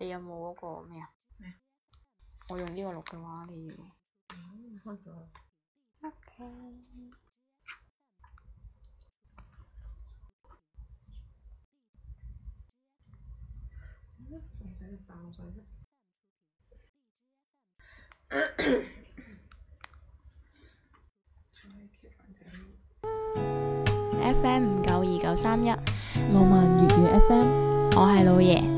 你有冇嗰個咩啊？麼我用呢個錄嘅話，你。哦、啊，開咗。O Okay K。啊、你使唔使戴個水色？F M 五九二九三一，浪漫粵語 F M， 我係老爺。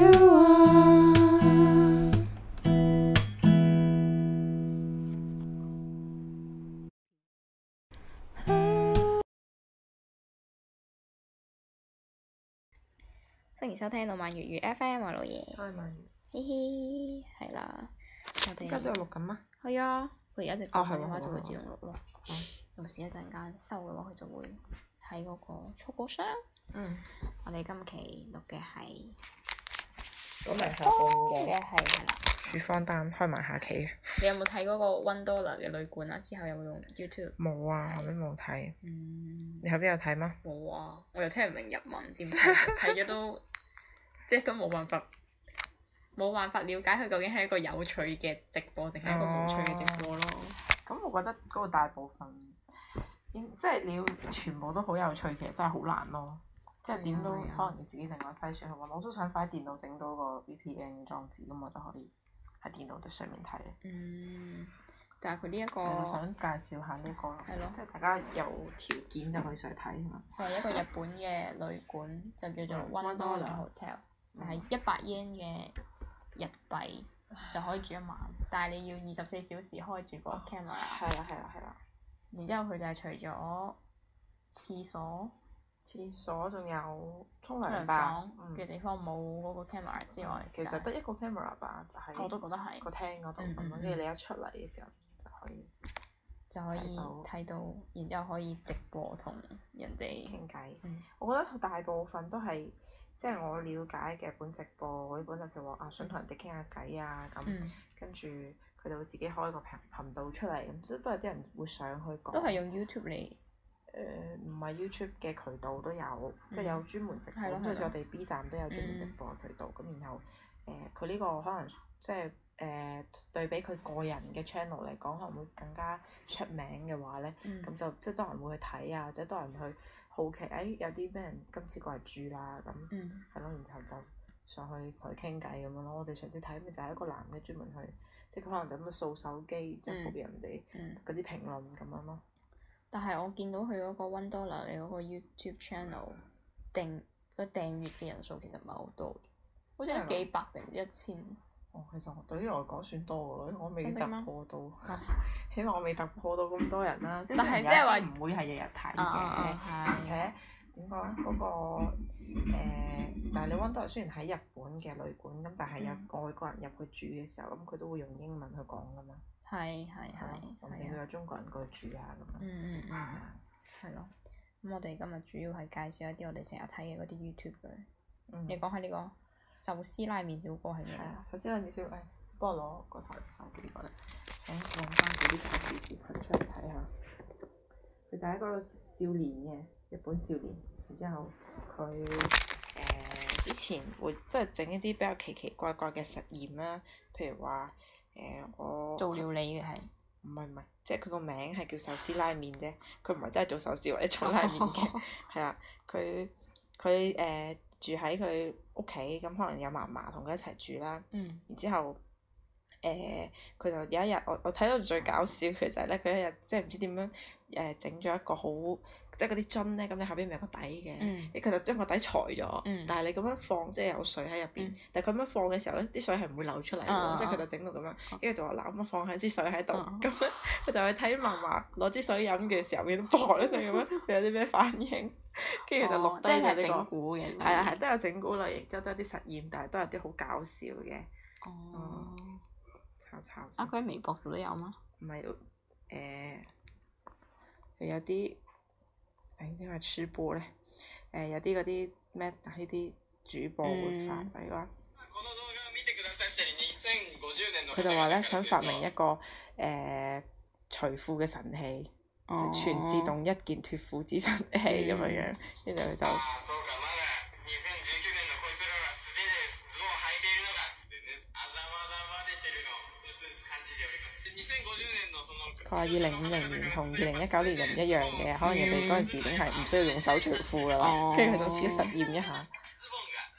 收聽到浪漫粵語 FM 啊，老爺，嘻嘻，係啦。而家都有錄緊嗎？係啊，佢而家一講嘅話就會自動錄喎。同時一陣間收嘅話，佢就會睇嗰個觸覺箱。嗯。我哋今期錄嘅係。咁咪係。錄嘅係。處方單開埋下期嘅。你有冇睇嗰個 One Dollar 嘅旅館啊？之後有冇用 YouTube？冇啊，後屘冇睇。嗯。你後尾有睇嗎？冇啊，我又聽唔明日文，點睇都。即都冇辦法，冇辦法了解佢究竟係一個有趣嘅直播定係一個冇趣嘅直播咯。咁我覺得嗰個大部分，即係你要全部都好有趣，其實真係好難咯。即係點都可能要自己另外篩選。我我都想快電腦整到個 VPN 裝置咁，我就可以喺電腦度上面睇。嗯，但係佢呢一個，我想介紹下呢個，即係大家有條件就去上去睇啊嘛。係一個日本嘅旅館，就叫做 One Dollar Hotel。就係一百 yen 嘅日幣就可以住一晚，但係你要二十四小時開住個 camera。係啊係啊係啊！啊啊然之後佢就係除咗廁所，廁所仲有沖涼房嘅地方冇嗰、嗯、個 camera 之外，其實得一個 camera 吧，就係我都覺得係個廳嗰度咁樣，跟住、嗯嗯、你一出嚟嘅時候就可以就可以睇到，然之後可以直播同人哋傾偈。天嗯、我覺得大部分都係。即係我了解嘅本直播，嗰啲本直播啊，想同人哋傾下偈啊咁，嗯、跟住佢哋會自己開個頻頻道出嚟，咁、嗯、即都係啲人會上去講。都係用 YouTube 嚟。誒、呃，唔係 YouTube 嘅渠道都有，即係有專門直播，跟住、嗯、我哋 B 站都有專門直播渠道。咁、嗯、然後誒，佢、呃、呢個可能即係誒、呃、對比佢個人嘅 channel 嚟講，可能會更加出名嘅話咧，咁、嗯、就即係多人會去睇啊，或者多人去。好奇，誒、哎、有啲咩人今次過嚟住啦咁，係咯、嗯，然後就上去同佢傾偈咁樣咯。嗯、我哋上次睇咪就係、是、一個男嘅專門去，即係佢可能就咁樣掃手機，即係讀人哋嗰啲評論咁樣咯。但係我見到佢嗰個 Windows 有個 YouTube channel 訂個訂閱嘅人數，其實唔係好多，好似係幾百定一千。嗯哦，其實對於我嚟講算多咯，我未突破到，希望我未突破到咁多人啦。但係即係話唔會係日日睇嘅，而且點講咧？嗰個誒，但係你 One 雖然喺日本嘅旅館咁，但係有外國人入去住嘅時候咁，佢都會用英文去講噶嘛。係係係。或者有中國人過去住下咁啊。嗯嗯嗯，係咯。咁我哋今日主要係介紹一啲我哋成日睇嘅嗰啲 YouTube。嗯。你講下呢個？壽司拉麵小哥係咩啊？壽司拉麵小哥，幫我攞個牌手機俾我啦。好，揾翻嗰啲搞笑視頻出嚟睇下。佢就係一個少年嘅，日本少年。然之後佢誒、呃、之前會即係整一啲比較奇奇怪怪嘅實驗啦，譬如話誒、呃、我做料理嘅係。唔係唔係，即係佢個名係叫壽司拉麵啫，佢唔係真係做壽司或者做拉麵嘅，係啊， 佢佢誒。住喺佢屋企，咁可能有嫲嫲同佢一齊住啦，嗯，然之後。誒，佢就有一日，我我睇到最搞笑嘅就係咧，佢一日即係唔知點樣誒整咗一個好，即係嗰啲樽咧，咁你後邊咪有個底嘅，佢就將個底裁咗，但係你咁樣放，即係有水喺入邊，但係佢咁樣放嘅時候咧，啲水係唔會流出嚟，即係佢就整到咁樣，跟住就話嗱，我放喺支水喺度，咁咧佢就去睇嫲嫲攞支水飲嘅時候，佢都搏咧，即係咁樣，佢有啲咩反應，跟住就錄低嘅呢個，係啊係，都有整蠱類型，即係都有啲實驗，但係都有啲好搞笑嘅。炒炒啊！佢微博度都有嗎？唔係誒，有啲誒因為？吃播咧誒，有啲嗰啲咩呢啲主播會發，例、嗯、如佢就話咧想發明一個誒除褲嘅神器，哦、就全自動一件脫褲之神器咁樣、嗯、樣，跟住佢就。啊佢話二零五零年同二零一九年就唔一樣嘅，可能人哋嗰陣時已經係唔需要用手除褲噶啦，跟住佢就自己實驗一下，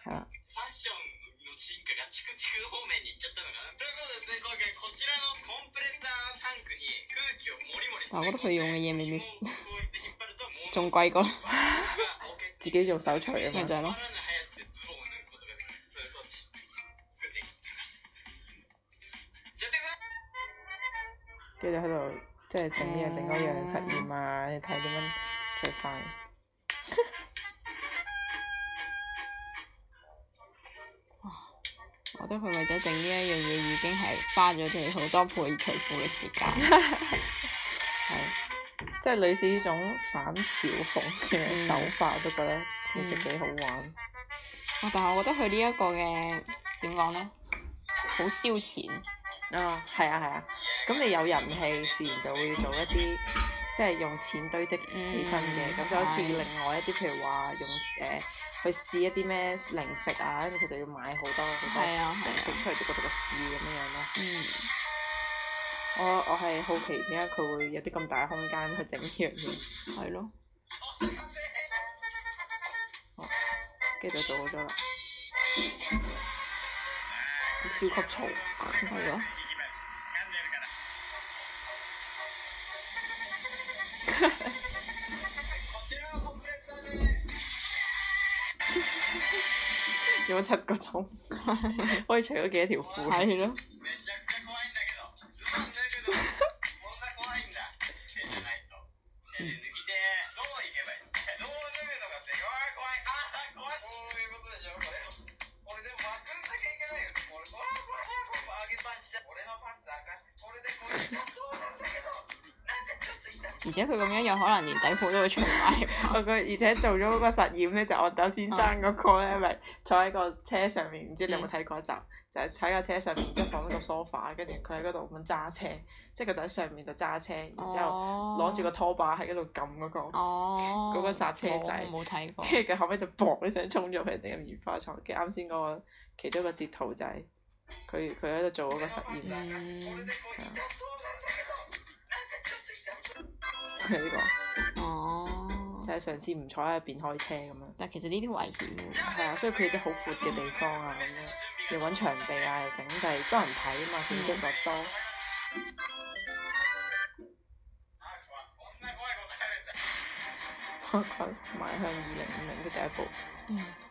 係啦。我覺得佢用嘅嘢咪仲貴過 自己用手除嘅咪就係咯。跟住喺度，即係整呢樣整嗰樣實驗啊，睇點樣最快。哇！嗯嗯哦、我覺得佢為咗整呢一樣嘢，已經係花咗佢好多倍佢付嘅時間。係，即係類似呢種反嘲諷嘅手法，我都覺得呢啲幾好玩。但係我覺得佢呢一個嘅，點講咧，好燒錢。啊，係啊係啊，咁你有人氣，自然就會做一啲即係用錢堆積起身嘅，咁就好似另外一啲，譬如話用誒去試一啲咩零食啊，跟住佢就要買好多好多零食出嚟，喺嗰度試咁樣咯。嗯。我我係好奇點解佢會有啲咁大嘅空間去整呢樣嘢？係咯。哦，跟住就做咗啦。超級嘈，係咯。有七個鐘，可以除咗幾多條褲？可能連底褲都會出埋， 而且做咗嗰個實驗咧，就戇、是、豆先生嗰個咧，咪 坐喺個車上面，唔知你有冇睇過一集？嗯、就坐喺架車上面，即、就、係、是、放咗個梳化，跟住佢喺嗰度咁揸車，即係佢就喺、是、上面度揸車，然之後攞住個拖把喺嗰度撳嗰個嗰、哦、 個剎車掣。冇睇。跟住佢後尾就砰一聲衝咗佢哋嘅棉花廠，其實啱先嗰個其中一個截圖就係佢佢喺度做嗰個實驗、嗯嗯。就係呢個，哦，就係上次唔坐喺入邊開車咁樣。但其實呢啲危險喎。係啊，所以佢哋啲好闊嘅地方啊，咁樣要揾場地啊，又整，就係多人睇啊嘛，刺激得多。邁向二零五零嘅第一步。嗯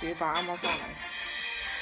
煮把啱啱翻嚟。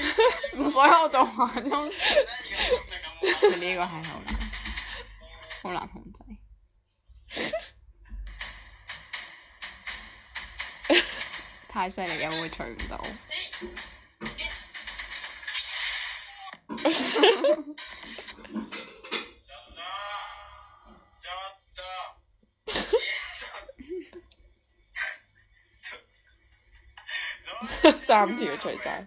所以我就話，呢個係好難，好難控制 太，太犀利，有冇會除唔到？三條除晒。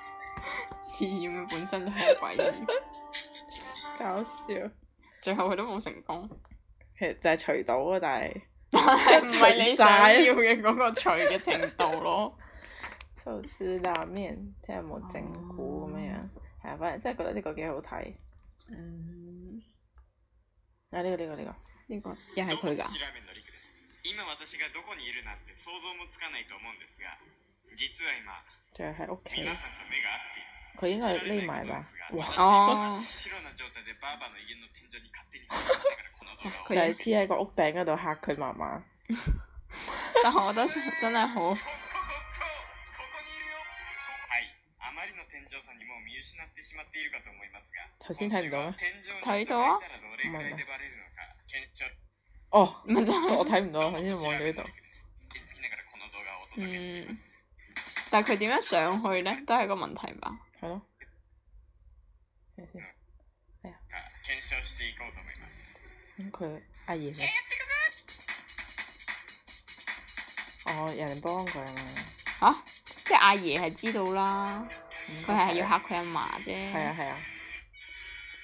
黐線嘅本身就係鬼， 搞笑。最後佢都冇成功，其實就係除到啊，但係唔係你想要嘅嗰個除嘅程度咯。壽司 拉麵，睇下有冇整蠱咁樣，係啊、um，真係覺得呢個幾好睇。嗯，啊呢、呢個呢、呢個呢、呢個呢、呢個又係佢㗎。就係 OK。 佢應該係匿埋吧？哇、喔！哦、 啊，就係黐喺個屋頂嗰度嚇佢媽媽。但我係好，真係好。頭先睇唔到咩？睇到啊？唔係。哦，我睇唔到，好似望到呢度。嗯，但係佢點樣上去咧？都係個問題吧？係咯，睇下先。哎 呀，檢視睇下。佢阿爺咧、哦。有人幫佢啊嘛。嚇！即係阿爺係知道啦，佢係、嗯、要嚇佢阿嫲啫。係啊係啊。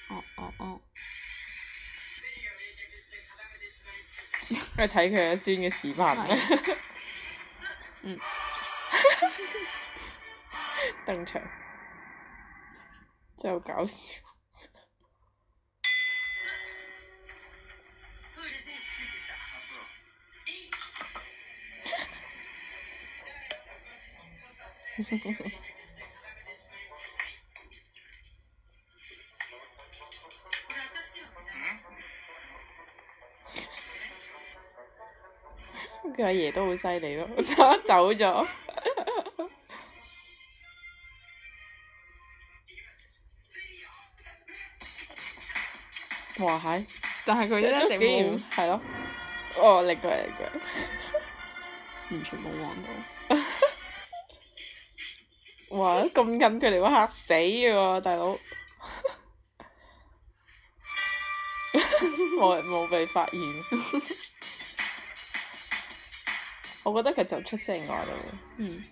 哦哦、啊、哦。去睇佢阿孫嘅視頻。 嗯。 登場。真係好搞笑。佢阿爺都好犀利囉， 走咗了笑。哇嗨！但係佢一直冇，係咯，我力過嚟嘅，完全冇望到。哇，咁近佢哋會嚇死嘅喎，大佬。冇，冇被發現。我覺得佢就出聲話咯。嗯。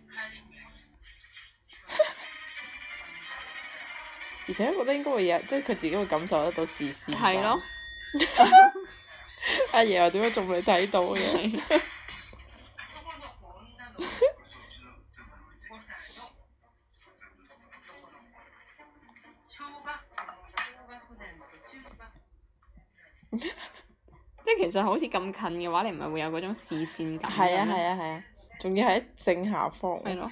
而且我覺得應該會有，即係佢自己會感受得到視線的。係咯，阿爺話點解仲未睇到嘅？即係其實好似咁近嘅話，你唔係會有嗰種視線感。係啊係啊係啊！仲要喺正下方。係咯。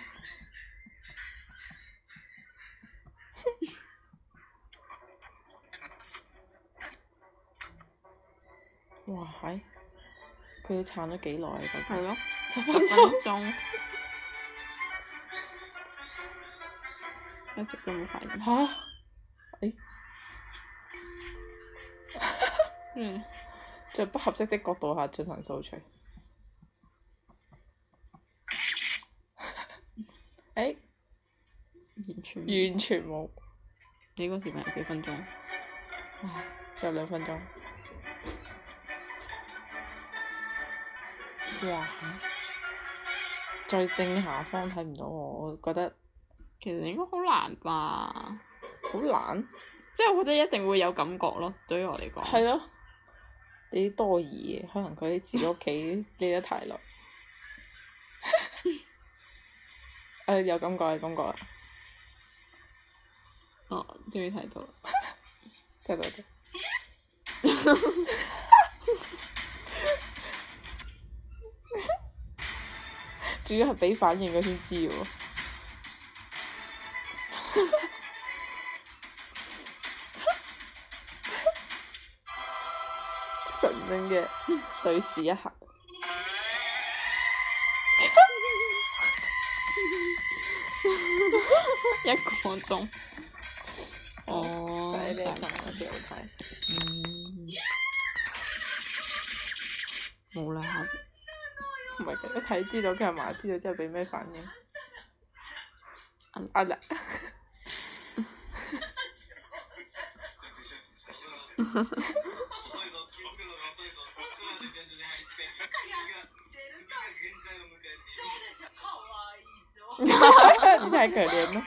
哇嗨！佢、哎、撐咗幾耐係咯，了十，分十分鐘， 一直都冇反應。嚇？誒、哎， 嗯，在不合適的角度下進行掃取。誒、 哎，完全完全冇。你個時間幾分鐘？唉，仲有兩分鐘。哇！最正下方睇唔到我，我覺得其實應該好難吧，好難懶，即係我覺得一定會有感覺咯，對於我嚟講。係咯、啊，你多疑，可能佢自己屋企匿得太耐。誒、 呃、有感覺，有感覺哦，終於睇到了，睇 到了。 主要係畀反應嘅先知喎， 神經嘅對視一下，一個國鐘中，哦、Oh,，冇啦。 唔係，一睇知道佢阿嫲知道，之後俾咩反應？壓力。你太可憐啦！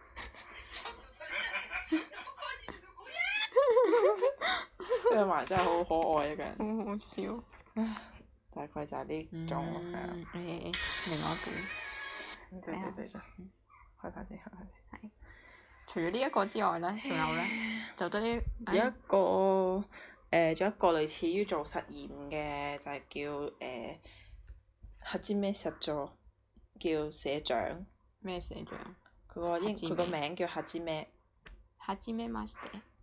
跟住埋真係好可愛一個人，好好， 笑。唉，大概就係呢種係啊。誒，另外一個，對對對對，開翻先，開翻先。係。除咗呢一個之外呢，仲有呢？就得啲。有一個誒，仲、呃、有一個類似於做實驗嘅，就係、是、叫誒，黑之咩實做？叫社長。咩社長？佢個英佢個名叫黑之咩。黑之咩 Master？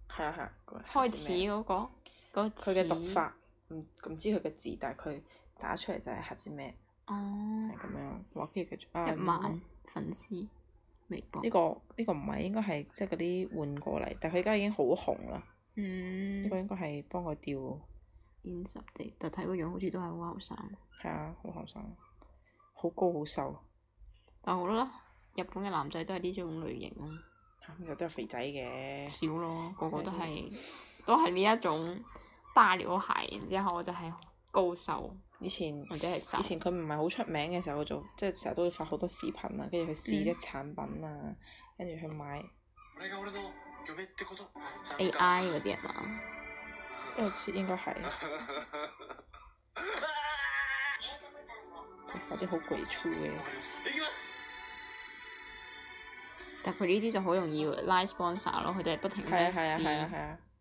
係啊係啊， 開始嗰、那個。 佢嘅讀法唔唔知佢嘅字，但係佢打出嚟就係核子咩？哦，係咁樣。哇！跟住佢日漫粉絲微博呢、這個呢、這個唔係應該係即係嗰啲換過嚟，但係佢而家已經好紅啦。嗯。呢個應該係幫佢調。insert 就睇個樣，好似都係好後生。係啊，好後生，好高好瘦。但係好啦、yeah,，日本嘅男仔都係呢種類型咯。咁又都有肥仔嘅。少咯，個個都係都係呢一種。 沙了鞋，然之後我就係高瘦。以前或者係瘦。以前佢唔係好出名嘅時候，佢就即係成日都會發好多視頻啊，跟住去試啲產品啊，跟住去買。AI 嗰啲啊嘛。好似應該係。 發啲好鬼出嘅。但係佢呢啲就好容易拉 sponsor 咯，佢就係不停去試。係啊係啊係啊係啊！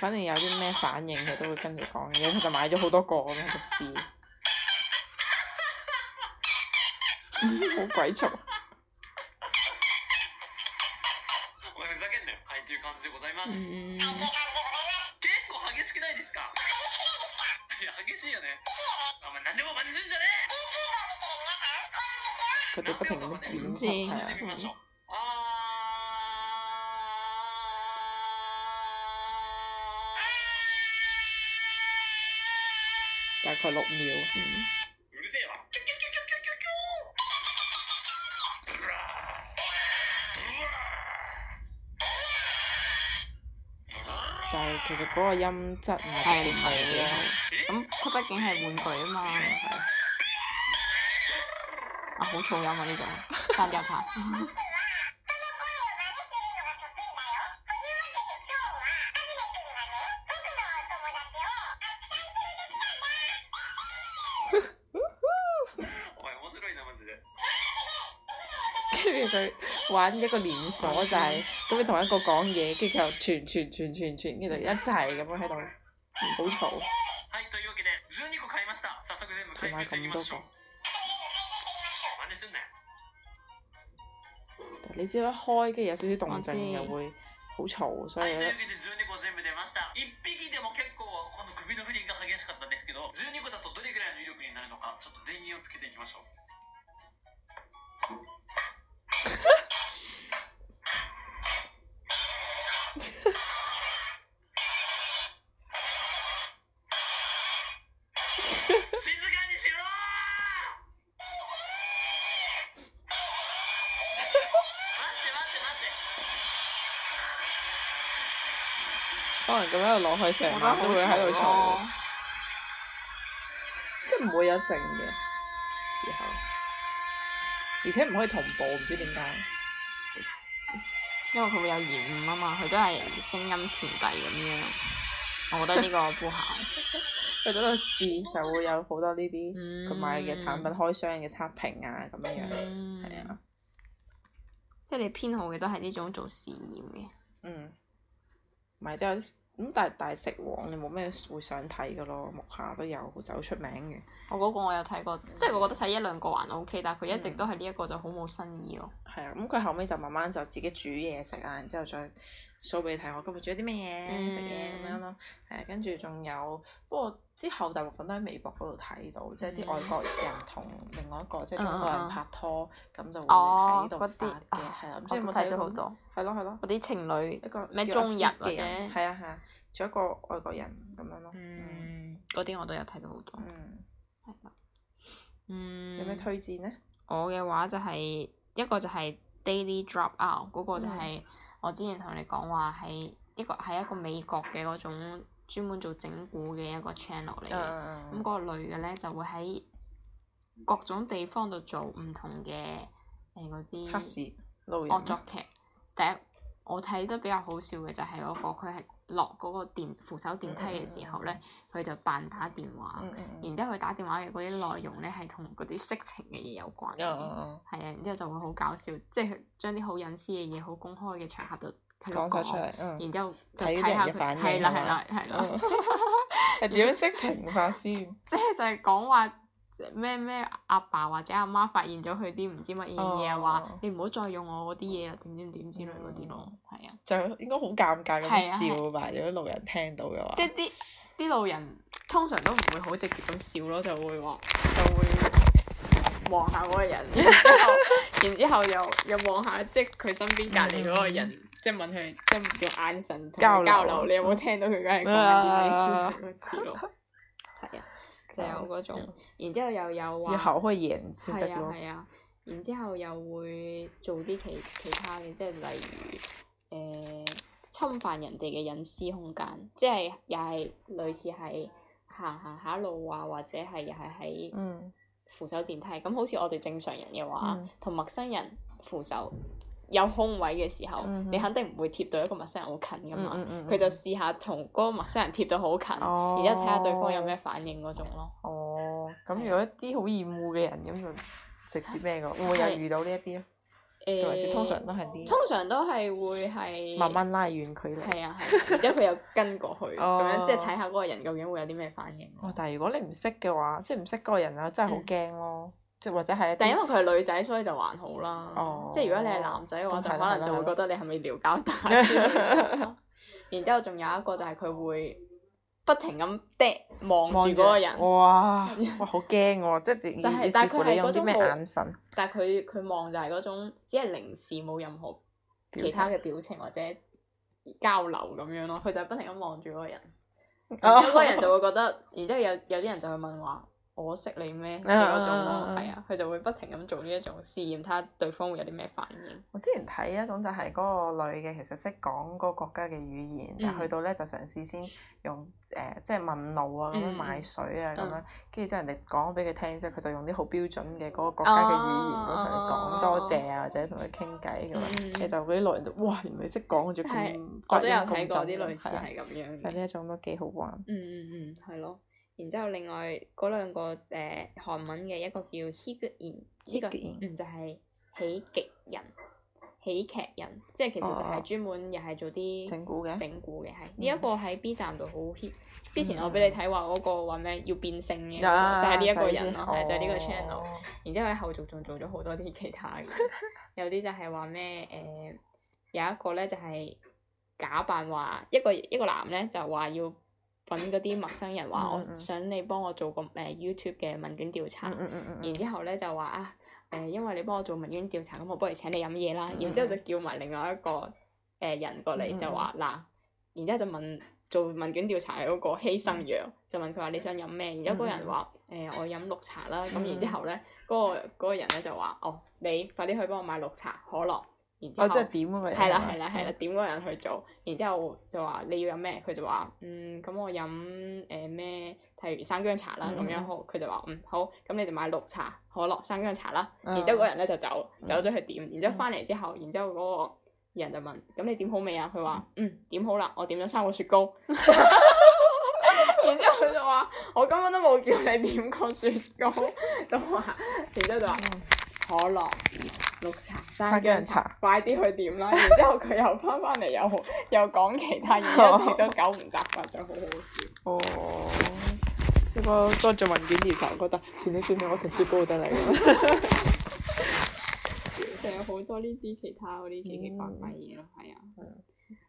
反正有啲咩反應佢都會跟你講嘅，然後就買咗好多個咁樣嚟試。好鬼嘈。嗯。佢哋不停噏屎噏屎。大概六秒，嗯。但係其實嗰個音質唔係幾好。咁佢畢竟係玩具啊嘛。啊，好重音啊呢個。刪掉他。玩一個連鎖就係咁佢同一個講嘢，跟住佢又傳傳傳傳傳，跟住一齊咁樣喺度好嘈。買咁多個，你知一開，跟住有少少動靜又會好嘈，所以。咁樣攞佢成晚都會喺度嘈， 即係唔會有靜嘅時候，而且唔可以同步，唔知點解，因為佢會有延誤啊嘛，佢都係聲音傳遞咁樣。我覺得呢個唔好，佢喺度試就會有好多呢啲佢買嘅產品開箱嘅測評啊咁樣樣，係、嗯、啊，即係你偏好嘅都係呢種做試驗嘅，嗯，咪都有。咁但係大食王你冇咩會想睇嘅咯，木下都有就好出名嘅。我嗰個我有睇過，即、就、係、係、我覺得睇一兩個還 OK，但係佢一直都係呢一個、嗯、就好冇新意咯。係啊，咁、嗯、佢後尾就慢慢就自己煮嘢食啊，然之後再。數俾你睇，我今日做咗啲咩嘢，食嘢咁樣咯。誒，跟住仲有，不過之後大部分都喺微博嗰度睇到，即係啲外國人同另外一個即係中國人拍拖，咁就會喺度發啲嘢，係啦。咁所以我睇到好多，係咯係咯。嗰啲情侶，一個咩中日嘅，係啊係啊，仲有一個外國人咁樣咯。嗯，嗰啲我都有睇到好多。嗯。嗯。有咩推薦呢？我嘅話就係一個就係 Daily Drop Out 嗰個就係。我之前同你講話係一個係一個美國嘅嗰種專門做整蠱嘅一個 channel 嚟嘅，咁嗰、uh, 嗯那個女嘅咧就會喺各種地方度做唔同嘅誒嗰啲、測試、惡、欸哦、作劇。第一我睇得比較好笑嘅就係嗰、那個佢係。落嗰個電扶手電梯嘅時候咧，佢、嗯、就扮打電話，嗯嗯、然之後佢打電話嘅嗰啲內容咧，係同嗰啲色情嘅嘢有關。哦啊、嗯，然之後就會好搞笑，即係佢將啲好隱私嘅嘢，好公開嘅場合度講出嚟。嗯、然之後就睇下佢係啦係啦係咯。係點樣色情法先？即係就係講話。咩咩阿爸或者阿媽發現咗佢啲唔知乜嘢嘢話，你唔好再用我嗰啲嘢啦，點點點之類嗰啲咯，係啊，就應該好尷尬咁笑吧，如果路人聽到嘅話，即係啲啲路人通常都唔會好直接咁笑咯，就會話就會望下嗰個人，然之後然之後又又望下，即係佢身邊隔離嗰個人，即係問佢，即係用眼神同佢交流，交流你有冇聽到佢講緊啲咩，係啊。就有嗰種，嗯、然之後又有話，係啊係啊，然之後又會做啲其其他嘅，即係例如誒、呃、侵犯人哋嘅隱私空間，即係又係類似係行行下路啊，或者係又係喺扶手電梯，咁、嗯、好似我哋正常人嘅話，同、嗯、陌生人扶手。有空位嘅時候，嗯、哼你肯定唔會貼到一個陌生人好近噶嘛，佢、嗯嗯嗯、就試下同嗰個陌生人貼到好近，然後睇下對方有咩反應嗰種咯。哦，咁如果一啲好厭惡嘅人咁就直接咩噶？是會唔會又遇到呢一啲、欸、通常都係啲。通常都係會係慢慢拉遠佢。離。係啊係，然之後佢又跟過去，咁 樣即係睇下嗰個人究竟會有啲咩反應。哦、但係如果你唔識嘅話，即係唔識嗰個人啊，真係好驚咯～、嗯或者係，但因為佢係女仔，所以就還好啦。哦，即如果你係男仔嘅話，嗯、就可能就會覺得你係咪撩交打？ 然之後仲有一個就係佢會不停咁盯望住嗰個人。哇，哇好驚喎、哦！ 即係是視乎你用啲咩眼神。但係佢佢望就係嗰種，只係凝視冇任何其他嘅表情或者交流咁樣咯。佢就係不停咁望住嗰個人，咁嗰個人就會覺得。 然之後有有啲人就會問話。我識你咩？嗰種咯，係啊，佢就會不停咁做呢一種試驗，睇下對方會有啲咩反應。我之前睇一種就係嗰個女嘅，其實識講嗰個國家嘅語言，但去到咧就嘗試先用誒，即係問路啊，咁樣買水啊，咁樣，跟住之後人哋講俾佢聽之後，佢就用啲好標準嘅嗰個國家嘅語言咁同你講多謝啊，或者同佢傾偈咁，跟住就嗰啲路人就哇，原來你識講住咁骨質。我都有睇過啲類似係咁樣嘅。呢一種都幾好玩。嗯嗯嗯，係咯。然之後，另外嗰兩個誒韓、呃、文嘅一個叫喜極人，呢個嗯就係喜極人喜劇人，即係其實就係專門又係做啲整蠱嘅，整蠱嘅係呢一個喺 B 站度好 hit。嗯、之前我俾你睇話嗰個話咩要變性嘅，嗯、就係呢一個人咯、啊啊，就係、是、呢個 channel。哦、然之後喺後續仲做咗好多啲其他嘅， 有啲就係話咩誒有一個咧就係假扮話一個，一個，一，個一個男咧就話要。揾嗰啲陌生人話，嗯嗯我想你幫我做個誒、呃、YouTube 嘅問卷調查，嗯嗯嗯嗯嗯然之後咧就話啊，誒因為你幫我做問卷調查，咁我不如請你飲嘢啦，然之後就叫埋另外一個誒、呃、人過嚟就話嗱，嗯嗯然之後就問做問卷調查嗰個犧牲羊，就問佢話你想飲咩？然之後嗰人話誒我飲綠茶啦，咁然之後咧嗰個嗰個人咧就話哦，你快啲去幫我買綠茶可樂。哦，然後 oh, 即係點嗰個人？啦、啊，係啦、啊，係啦、啊，啊、點嗰人去做。然之後就話你要飲咩？佢就話嗯，咁我飲誒咩？譬、呃、如生薑茶啦，咁樣、嗯嗯、好。佢就話嗯好，咁你就買綠茶、可樂、生薑茶啦。啊、然之後嗰人咧就走，走咗去點。然之後翻嚟之後，嗯、然之後嗰個人就問：咁、嗯、你點好未啊？佢話嗯點好啦，我點咗三個雪糕。然之後佢就話：我根本都冇叫你點過雪糕，咁 話。然之後就話可樂。 綠茶，新疆茶，快啲去點啦！然之後佢又翻翻嚟， 又又講其他嘢，一直都九唔搭八，就好好笑。哦，一、這個在做文件調查，我覺得算啦算啦，我食雪糕得嚟啦。仲 有好多呢啲其他嗰啲奇奇怪怪嘢咯，係、嗯、啊。係啊。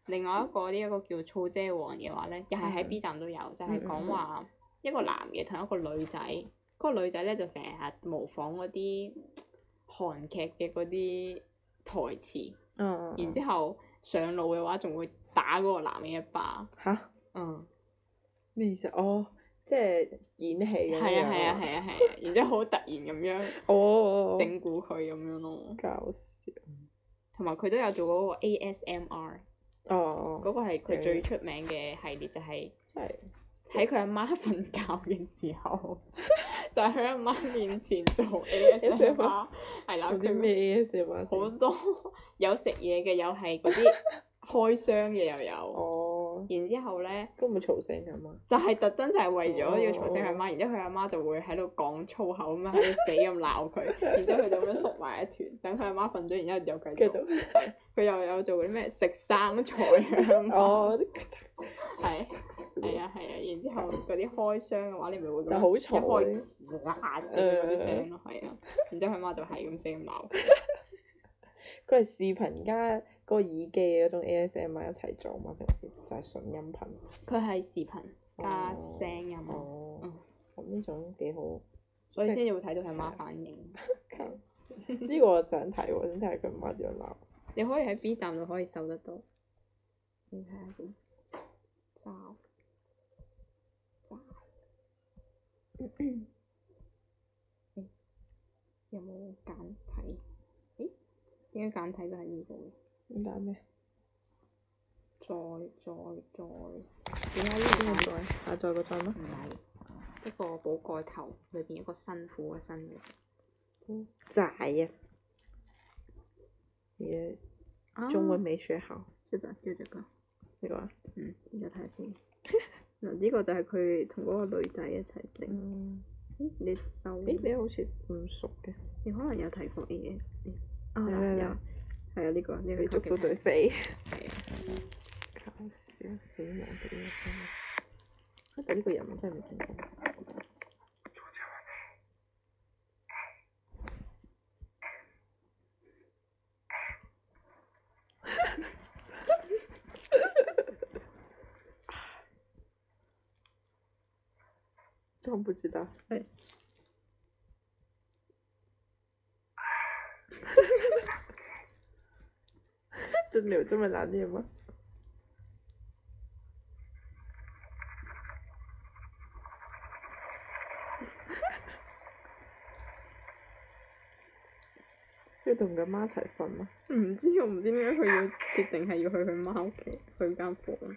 另外一個呢一、這個叫粗姐王嘅話咧，又係喺 B 站都有，嗯、就係講話一個男嘅同一個女仔，嗰、嗯嗯、個女仔咧就成日模仿嗰啲。韓劇嘅嗰啲台詞，嗯，uh, 然之後上路嘅話，仲會打嗰個男嘅一巴嚇，嗯，咩意思？哦、oh,，即係演戲嘅人，係啊係啊係啊係啊，啊，然之後好突然咁樣哦，整蠱佢咁樣咯，搞笑，同埋佢都有做過嗰個 ASMR，哦，嗰個係佢 okay. 最出名嘅系列，就係、是、真係。睇佢阿媽瞓覺嘅時候， 就喺阿媽，媽面前做 ASMR，係啦，做咩 ASMR 好 多 有食嘢嘅，又係嗰啲開箱嘅又有。哦、oh。然之後咧。都冇吵醒佢媽，媽。就係特登就係為咗要吵醒佢阿媽，oh. 然之後佢阿媽，媽就會喺度講粗口咁樣，喺度死咁鬧佢，然之後佢就咁樣縮埋一團，等佢阿媽瞓咗，然之後又繼續。佢 又有做嗰啲咩食生菜哦。係，係啊，係啊，然之後嗰啲開箱嘅話，你咪會 一開就拉嘅嗰啲聲咯，係、嗯、啊。然之後佢媽就係咁聲鬧。佢係 視頻加嗰、嗰個耳機嗰種 ASMR 一齊做嘛，成就係純音頻。佢係視頻加聲音，音哦。哦，咁呢、嗯、種幾好。所以先至會睇到佢媽反應。呢 個我想睇喎，我想睇佢媽點鬧。你可以喺 B 站度可以搜得到。你睇下先。詐詐、嗯，有冇簡體？誒、欸，點解簡體就係呢個嘅？你打咩？再再再，點解呢個再？啊，再個再咯。唔係、嗯，一個寶蓋頭裏邊一個辛苦嘅辛嘅。齋啊！嘅、嗯、你中文沒學好。是的、啊，就這個。嗯，又睇下先。嗱，呢個就係佢同嗰個女仔一齊整。你就？咦，你好似唔熟嘅。你可能有睇過 ASD。哦，有有，係啊，呢個你捉到仲死。搞笑死！我哋呢個，呢個呢個人真係唔清。真唔知道。哎，哈哈哈！真留咗咪留啲要同佢媽一齊瞓嗎？唔知，我唔知點解佢要設定係要去佢媽屋企，去間房。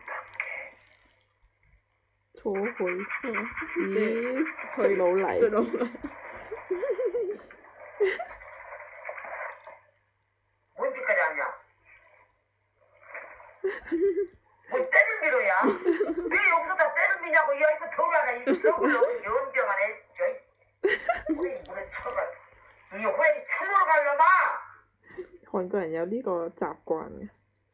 出去，韓國人有呢個習慣嘅。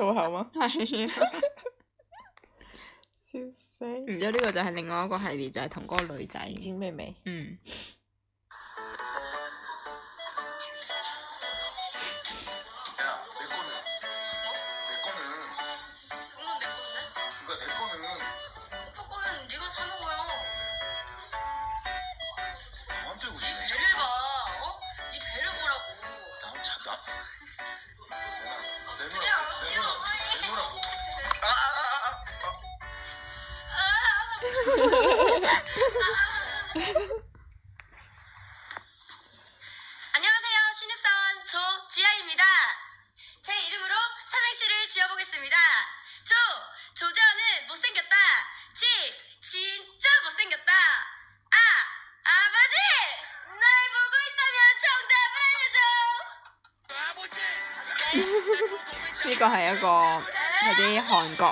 做後嘛，係啊，笑死我、這個！然之後呢個就係、是、另外一個系列，就係同嗰個女仔，知咩未？嗯。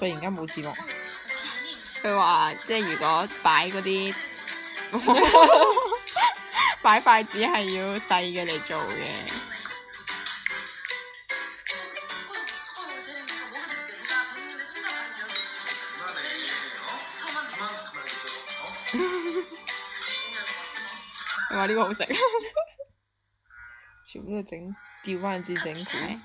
突然間冇字幕，佢話即係如果擺嗰啲 擺筷子係要細嘅嚟做嘅。佢話呢個好食 全部都整掉翻轉整。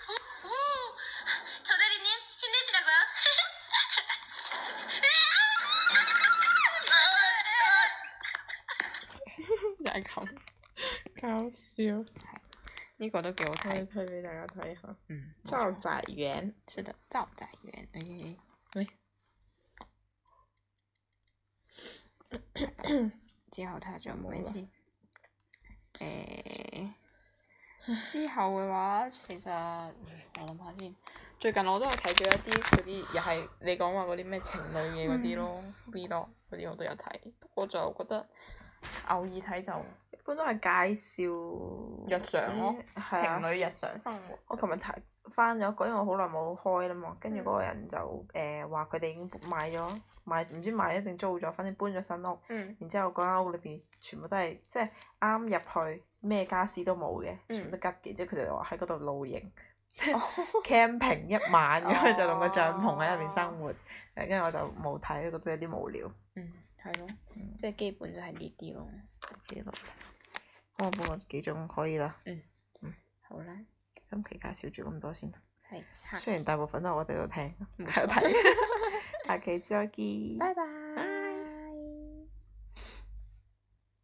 係，呢 個都叫我推介俾大家睇下。嗯。趙仔源。是的，趙仔源。誒，咩了、欸？之後睇下仲有冇先？誒，之後嘅話， 其實我諗下先。最近我都係睇咗一啲嗰啲，又係你講話嗰啲咩情侶嘢嗰啲咯、嗯、，Vlog 嗰啲我都有睇，不過就覺得。偶爾睇就，一般都係介紹日常咯，情侶日常生活。我琴日睇翻咗個，因為我好耐冇開啦嘛，跟住嗰個人就誒，話佢哋已經買咗，買唔知買咗定租咗，反正搬咗新屋。然之後嗰間屋裏邊全部都係即係啱入去咩家私都冇嘅，全部都吉嘅，即係佢哋話喺嗰度露營，即係 camping 一晚咁就同個帳篷喺入邊生活。跟住我就冇睇，覺得有啲無聊。係咯，嗯、即係基本就係呢啲咯。幾耐？我半個幾鐘可以啦。嗯嗯，嗯好啦吧。咁今期介紹住咁多先。係。雖然大部分都我哋都聽，唔睇。下期再見。拜拜。